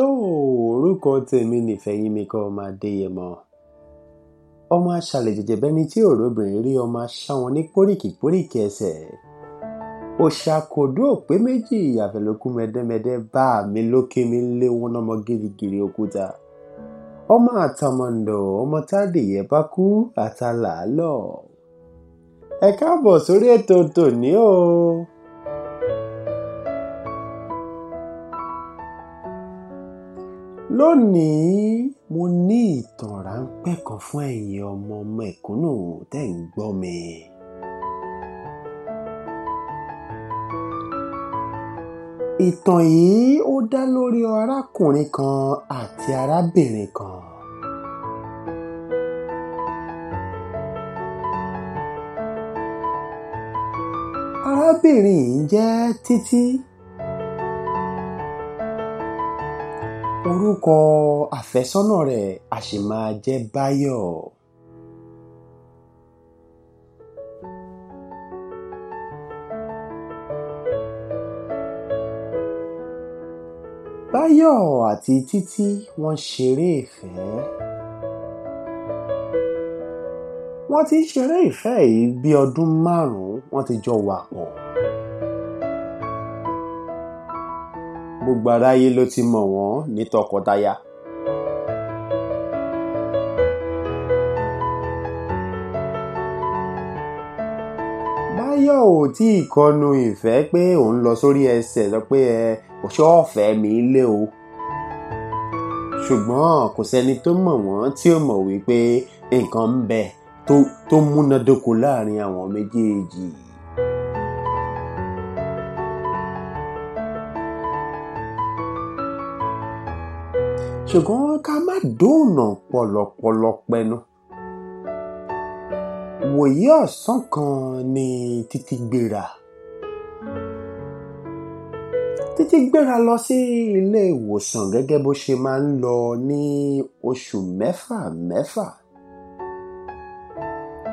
tó orúkọ tèmi nìfẹ̀yìnmíkọ́ ọmọ adéyẹmọ ọmọ aṣàlẹ̀ jẹ̀jẹ̀ bẹ́ni tí òróbìnrin rí ọmọ aṣá wọn ní póríkì póríkì ẹsẹ̀ òṣà kò dó òpé méjì àfẹlẹ́kú mẹ́dẹ́mẹ́dẹ́ bá mi lókè mi lé wọn ọmọ gírígírí òkúta ọmọ àtàmọ̀ǹdọ̀ ọmọ tádìyẹ bá kú àtàlà lọ ẹ káàbọ̀ sórí ètò tòní o. Lónìí, mo ní ìtàn ráńpẹ́ kan fún ẹ̀yin ọmọ ọmọ ìkúnnù tẹ́ ń gbọ́ mi. Ìtàn yìí ó dá lórí arákùnrin kan àti arábìnrin kan. Arábìnrin yìí jẹ́ Títí. orúkọ àfẹ́sọ́nà rẹ̀ a sì máa jẹ́ Báyọ̀. Báyọ̀ àti Títí wọ́n ṣeré ìfẹ́. Wọ́n ti ń ṣeré ìfẹ́ yìí bí ọdún márùn-ún wọ́n ti jọ wà pọ̀. gbogbo aráyé ló ti mọ̀ wọ́n ní tọkọtaya. báyọ̀ ò tí ì kọnu ìfẹ́ pé òun lọ sórí ẹsẹ̀ sọ pé ẹ òṣọ́ ọ̀fẹ́ mi lé o ṣùgbọ́n kò sẹ́ni tó mọ̀ wọ́n tí ó mọ̀ wípé nǹkan ń bẹ tó múnádóko láàrin àwọn méjèèjì yìí. ṣùgbọ́n ká má dóònà pọ̀lọ̀pọ̀lọ̀ pẹnu. wòye ọ̀sán kan ni títí gbéra títí gbéra lọ sí ilé ìwòsàn gẹ́gẹ́ bó ṣe máa ń lọ ní oṣù mẹ́fà mẹ́fà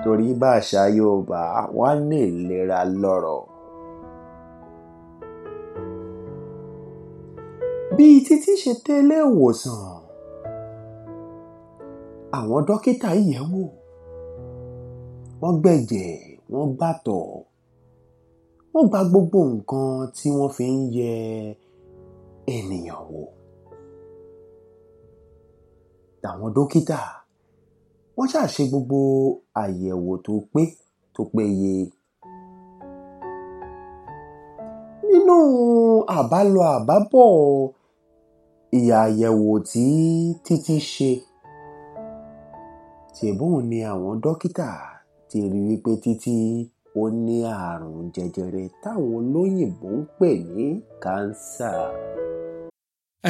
torí bá àṣà Yorùbá wà ní ìlera lọ́rọ̀. bíi títí ṣe tẹ́lẹ̀ ìwòsàn àwọn dókítà yẹ̀ wò wọ́n gbẹ̀jẹ̀ wọ́n gbàtọ̀ wọ́n gba gbogbo nǹkan tí wọ́n fi ń yẹ ènìyàn wò àwọn dókítà wọ́n ṣàṣe gbogbo àyẹ̀wò tó pé tó péye nínú àbálọ àbábọ̀ ìyàyẹ̀wò tí Títí ṣe ṣèbóun ni àwọn dókítà ti rí ni Títí ó ní àrùn jẹjẹrẹ táwọn olóyìnbó ń pè ní kánsà.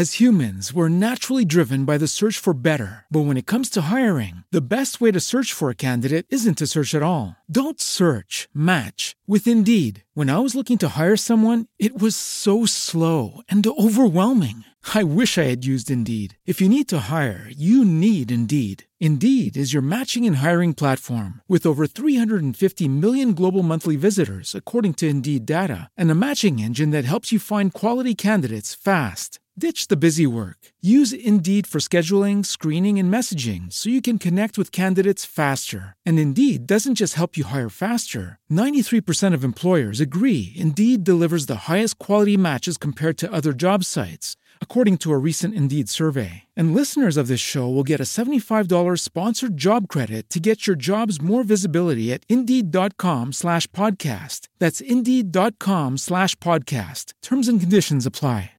As humans, we're naturally driven by the search for better. But when it comes to hiring, the best way to search for a candidate isn't to search at all. Don't search, match with Indeed. When I was looking to hire someone, it was so slow and overwhelming. I wish I had used Indeed. If you need to hire, you need Indeed. Indeed is your matching and hiring platform with over 350 million global monthly visitors, according to Indeed data, and a matching engine that helps you find quality candidates fast. Ditch the busy work. Use Indeed for scheduling, screening, and messaging so you can connect with candidates faster. And Indeed doesn't just help you hire faster. 93% of employers agree Indeed delivers the highest quality matches compared to other job sites according to a recent Indeed survey. And listeners of this show will get a $75 sponsored job credit to get your jobs more visibility at Indeed.com slash podcast. That's Indeed.com slash podcast. Terms and conditions apply.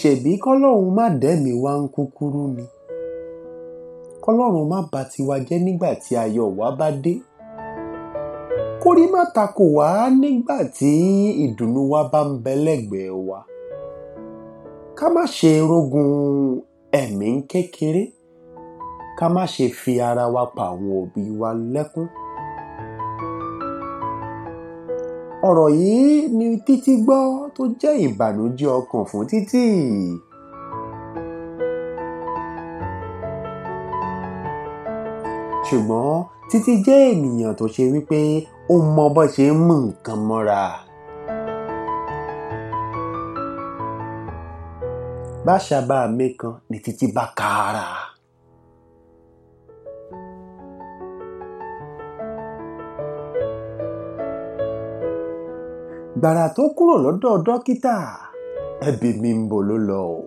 ṣèbí kọlọ́run má dẹ́mi wá ń kúkúrú ni kọlọ́run má bá tiwa jẹ́ nígbà tí ayọ̀ wa bá dé. kórí má takò wá nígbà tí ìdùnnú wa bá ń bẹ lẹ́gbẹ̀ẹ́ wa ká má ṣe rógun ẹ̀mí kékeré ká má ṣe fi ara wa pa àwọn òbí wa lẹ́kún. ọ̀rọ̀ yìí ni títí gbọ́ tó jẹ́ ìbànújẹ́ ọkàn fún títí. ṣùgbọ́n títí jẹ́ ènìyàn tó ṣe wípé ó mọ bó ṣe ń mú nǹkan mọ́ra. báṣà bá a ní títí bá kára. gbàrà tó kúrò lọ́dọ̀ dókítà ẹbí mi ń bò ló lọ o.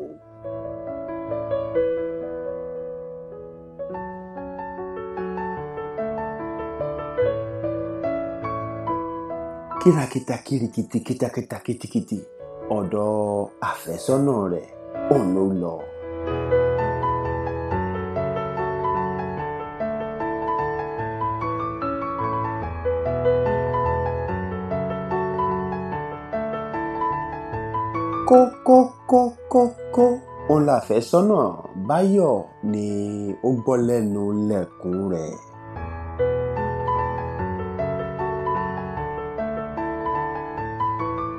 kìràkìtà kìrìkìtì kìtàkìtà kìtìkìtì ọ̀dọ̀ àfẹ́sọ́nà rẹ̀ òun ló lọ. kókókókókó òun làfẹ́sọ́nà báyọ̀ ni ó gbọ́ lẹ́nu lẹ́kùn rẹ̀.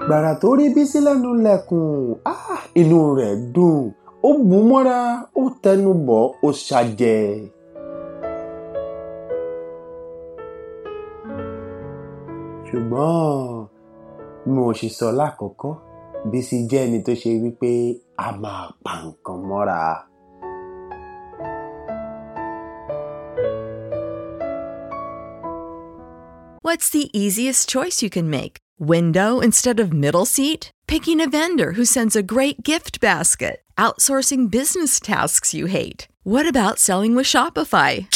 gbàrà tó rí bísí lẹ́nu lẹ́kùn ah, inú rẹ̀ dùn ó bù mọ́ra ó tẹnu bọ̀ ó ṣàjẹ́. ṣùgbọ́n mo sì sọ lákọ̀ọ́kọ́ bísí jẹ́ ẹni tó ṣe wípé a máa pa nǹkan mọ́ra. What's the easiest choice you can make? Window instead of middle seat? Picking a vendor who sends a great gift basket? Outsourcing business tasks you hate? What about selling with Shopify?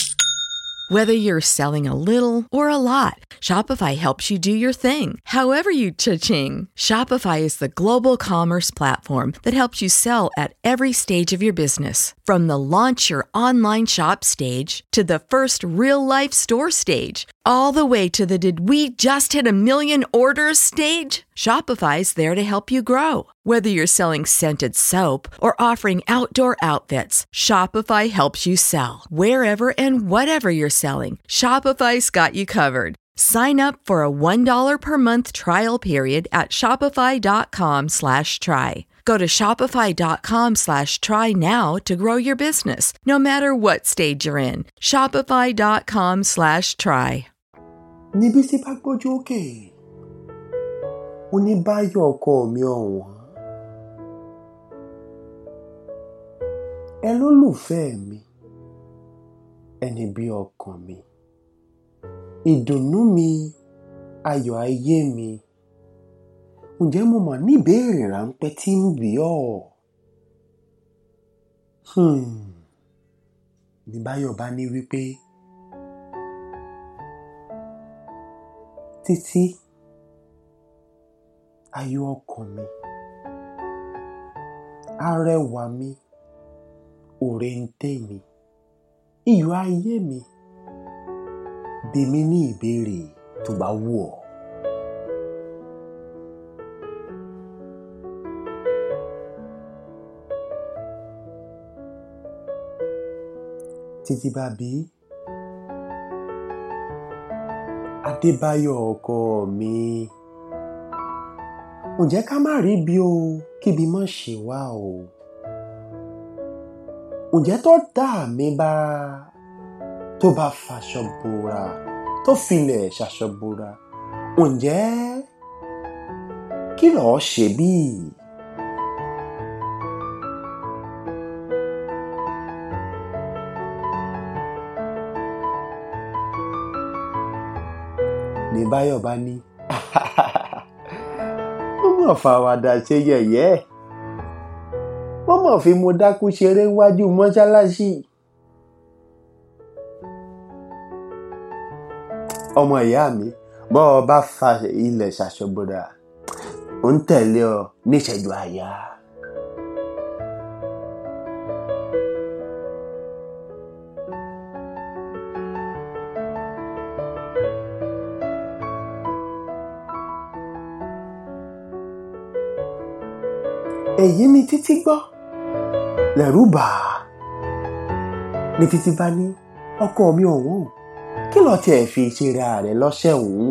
Whether you're selling a little or a lot, Shopify helps you do your thing, however you cha-ching. Shopify is the global commerce platform that helps you sell at every stage of your business. From the launch your online shop stage to the first real life store stage, all the way to the did we just hit a million orders stage. Shopify's there to help you grow. Whether you're selling scented soap or offering outdoor outfits, Shopify helps you sell. Wherever and whatever you're selling, Shopify's got you covered. Sign up for a $1 per month trial period at shopify.com slash try. Go to shopify.com slash try now to grow your business, no matter what stage you're in. Shopify.com slash try. Oníbáyọ̀ ọkọ mi ọ̀wọ́n. ẹ lólùfẹ́ mi ẹni bí ọkàn mi ìdùnnú mi ayọ̀ ayé mi ǹjẹ́ mo mà níbèrè ráńpẹ́ tí ń bì ọ́ hmm. ní bá ní wípé títí ayọ̀ ọkàn mi arẹwà mi òrèǹtẹ̀ mi iyọ̀ ayé mi bi mí ní ìbéèrè tó bá wù ọ́. títí bá bí Adébáyọ̀ ọkọ mi ǹjẹ́ ká má rí bí o kíbi má ṣe wá o ǹjẹ́ tó dá mi bá tó bá faṣọ bora tó filẹ̀ ṣaṣọ bora ǹjẹ́ kí lọ́ọ́ ṣe bíi. ní báyọ̀ bá ní mọ̀ fàwàdà ṣe yẹ̀yẹ́ wọ́n mọ̀ fi mo dákú ṣeré wájú mọ́ṣáláṣí. ọmọ ìyá mi bọ́ ọ bá fa ilẹ̀ ṣàṣọgbọ́dà ń tẹ̀lé ọ níṣẹ́jú àyà. èyí ni títí gbọ́ lẹ́rù bà á ní títí bá ní ọkọ mi ọ̀hún kí lọ́ọ́ tiẹ̀ fi ṣe ra rẹ̀ lọ́sẹ̀ òun.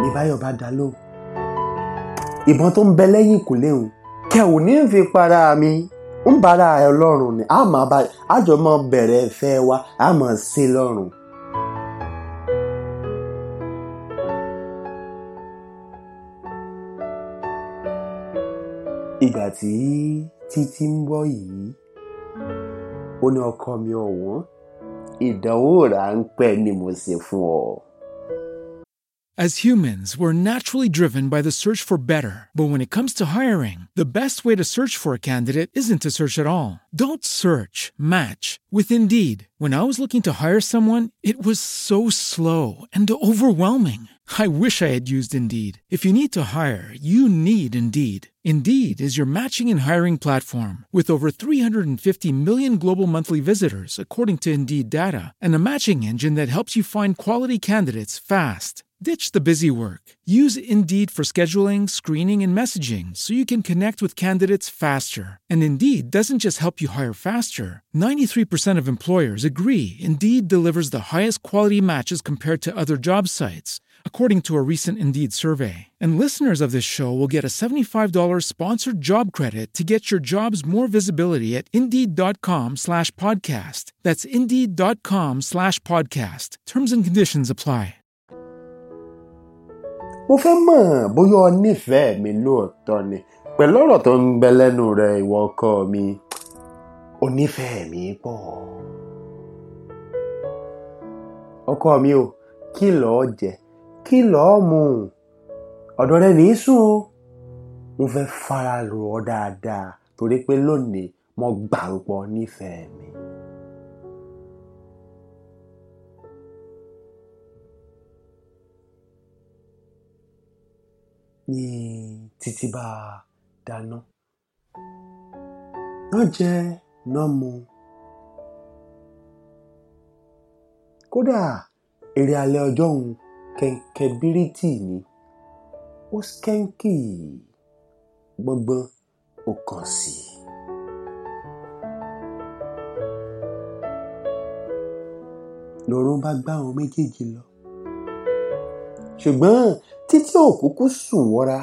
ní báyọ̀ bá dá lóhùn ìbọn tó ń bẹ lẹ́yìn kò léhùn kẹ ò ní fi para mi ń bára ẹ lọ́rùn ni a máa bá bẹ̀rẹ̀ ìfẹ́ wa a máa lọ́rùn. ìgbà tí títí ń bọ̀ yìí ó ní ọkọ mi ọ̀wọ́n ìdánwò ráńpẹ́ ni mo ṣe fún ọ. As humans, we're naturally driven by the search for better. But when it comes to hiring, the best way to search for a candidate isn't to search at all. Don't search, match with Indeed. When I was looking to hire someone, it was so slow and overwhelming. I wish I had used Indeed. If you need to hire, you need Indeed. Indeed is your matching and hiring platform with over 350 million global monthly visitors, according to Indeed data, and a matching engine that helps you find quality candidates fast. Ditch the busy work. Use Indeed for scheduling, screening, and messaging so you can connect with candidates faster. And Indeed doesn't just help you hire faster. 93% of employers agree Indeed delivers the highest quality matches compared to other job sites according to a recent Indeed survey. And listeners of this show will get a $75 sponsored job credit to get your jobs more visibility at Indeed.com slash podcast. That's Indeed.com slash podcast. Terms and conditions apply. mo fẹ́ mọ̀ bóyá ọ nífẹ̀ẹ́ mi lóòótọ́ ni pẹ̀lú ọ̀rọ̀ tó ń gbẹ lẹ́nu rẹ̀ ìwọ ọkọ mi ò nífẹ̀ẹ́ mi pọ̀. ọkọ mi ò kí lọ́ọ́ jẹ́ kí lọ́ọ́ mu ọ̀dọ̀ rẹ ní í sùn o mo fẹ́ fara rò ọ́ dáadáa torí pé lónìí mo gbàgbọ́ nífẹ̀ẹ́ mi. ní títí bá a dáná náà jẹ náà mu kódà èrè alẹ́ ọjọ́ òun kẹ̀kẹ́ bíríìtì ni ó skẹ́ńkì gbọ́ngbọ́n ó kàn sí i. lọ́rùn bá gbá àwọn méjèèjì lọ ṣùgbọ́n títí òkúkú sùn wọ́ra.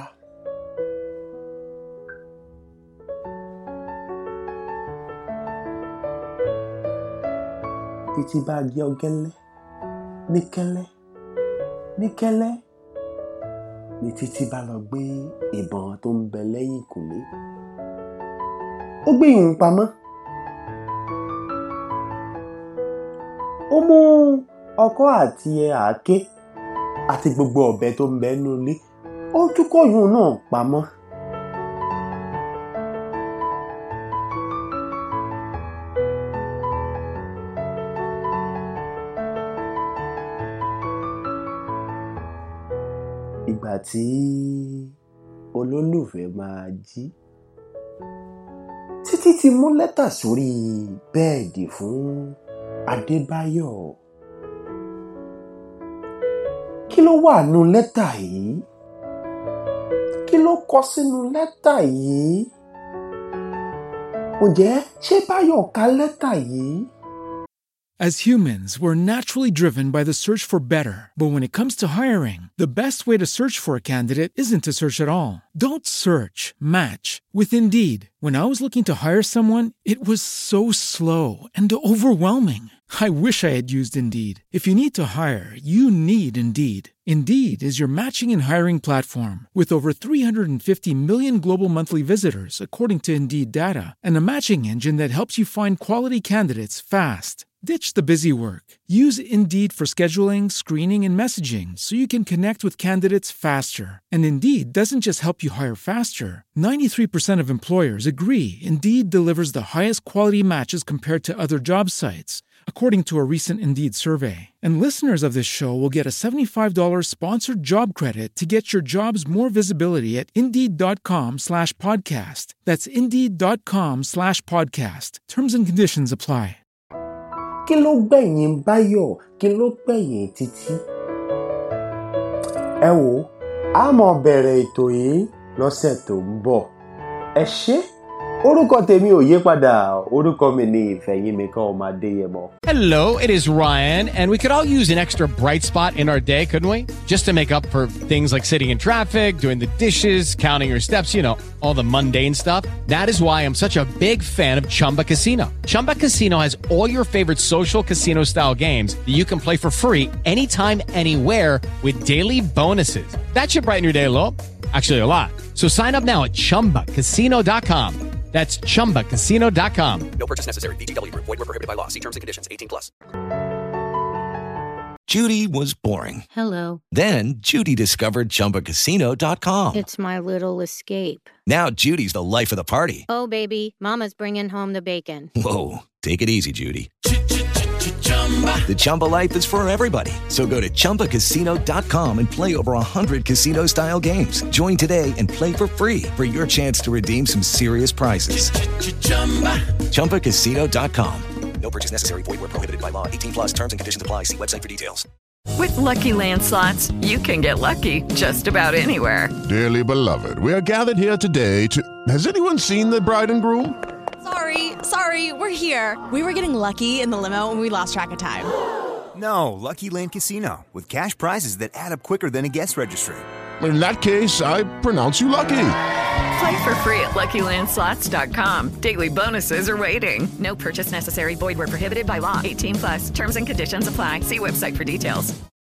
títí bá jẹ́ ọgẹ́lẹ́ ní kẹ́lẹ́ ní kẹ́lẹ́ ní títí bá lọ gbé ìbọn tó ń bẹ lẹ́yìn kùlé ó gbé ìhùn pamọ́ ó mú ọkọ́ àti àáké àti gbogbo ọ̀bẹ tó ń bẹ nínú ó túkọ̀ ìhùn náà pamọ́. tí olólùfẹ́ máa jí títí ti mú lẹ́tà sórí bẹ́ẹ̀dì fún Adébáyọ̀ kí ló wà nù lẹ́tà yìí kí ló kọ sínú lẹ́tà yìí ǹjẹ́ ṣé Báyọ̀ ka lẹ́tà yìí. As humans, we're naturally driven by the search for better. But when it comes to hiring, the best way to search for a candidate isn't to search at all. Don't search, match with Indeed. When I was looking to hire someone, it was so slow and overwhelming. I wish I had used Indeed. If you need to hire, you need Indeed. Indeed is your matching and hiring platform with over 350 million global monthly visitors, according to Indeed data, and a matching engine that helps you find quality candidates fast. Ditch the busy work. Use Indeed for scheduling, screening, and messaging so you can connect with candidates faster. And Indeed doesn't just help you hire faster. 93% of employers agree Indeed delivers the highest quality matches compared to other job sites, according to a recent Indeed survey. And listeners of this show will get a $75 sponsored job credit to get your jobs more visibility at Indeed.com slash podcast. That's Indeed.com slash podcast. Terms and conditions apply. kí ló gbẹ̀yìn báyọ̀ kí ló gbẹ̀yìn títí. ẹ wo a mọ̀ bẹ̀rẹ̀ ètò yìí lọ́sẹ̀ tó ń bọ̀ ẹ ṣé. orúkọ tèmi ò padà orúkọ mi ni ìfẹ̀yìnmíkan ọmọ adéyẹmọ. hello it is ryan and we could all use an extra bright spot in our day couldn't we just to make up for things like sitting in traffic doing the dishes counting your steps you know all the mundane stuff that is why i'm such a big fan of chumba casino chumba casino has all your favorite social casino style games that you can play for free anytime anywhere with daily bonuses that should brighten your day a little actually a lot so sign up now at chumbacasino.com that's ChumbaCasino.com. No purchase necessary. BGW. Void were prohibited by law. See terms and conditions. 18 plus. Judy was boring. Hello. Then Judy discovered ChumbaCasino.com. It's my little escape. Now Judy's the life of the party. Oh, baby. Mama's bringing home the bacon. Whoa. Take it easy, Judy. The Chumba life is for everybody. So go to ChumbaCasino.com and play over 100 casino style games. Join today and play for free for your chance to redeem some serious prizes. Ch-ch-chumba. ChumbaCasino.com. No purchase necessary. Void where prohibited by law. 18 plus terms and conditions apply. See website for details. With Lucky Land slots, you can get lucky just about anywhere. Dearly beloved, we are gathered here today to... Has anyone seen the bride and groom? Sorry Sorry, we're here. We were getting lucky in the limo and we lost track of time. No, Lucky Land Casino, with cash prizes that add up quicker than a guest registry. In that case, I pronounce you lucky. Play for free at LuckyLandSlots.com. Daily bonuses are waiting. No purchase necessary. Void where prohibited by law. 18 plus. Terms and conditions apply. See website for details.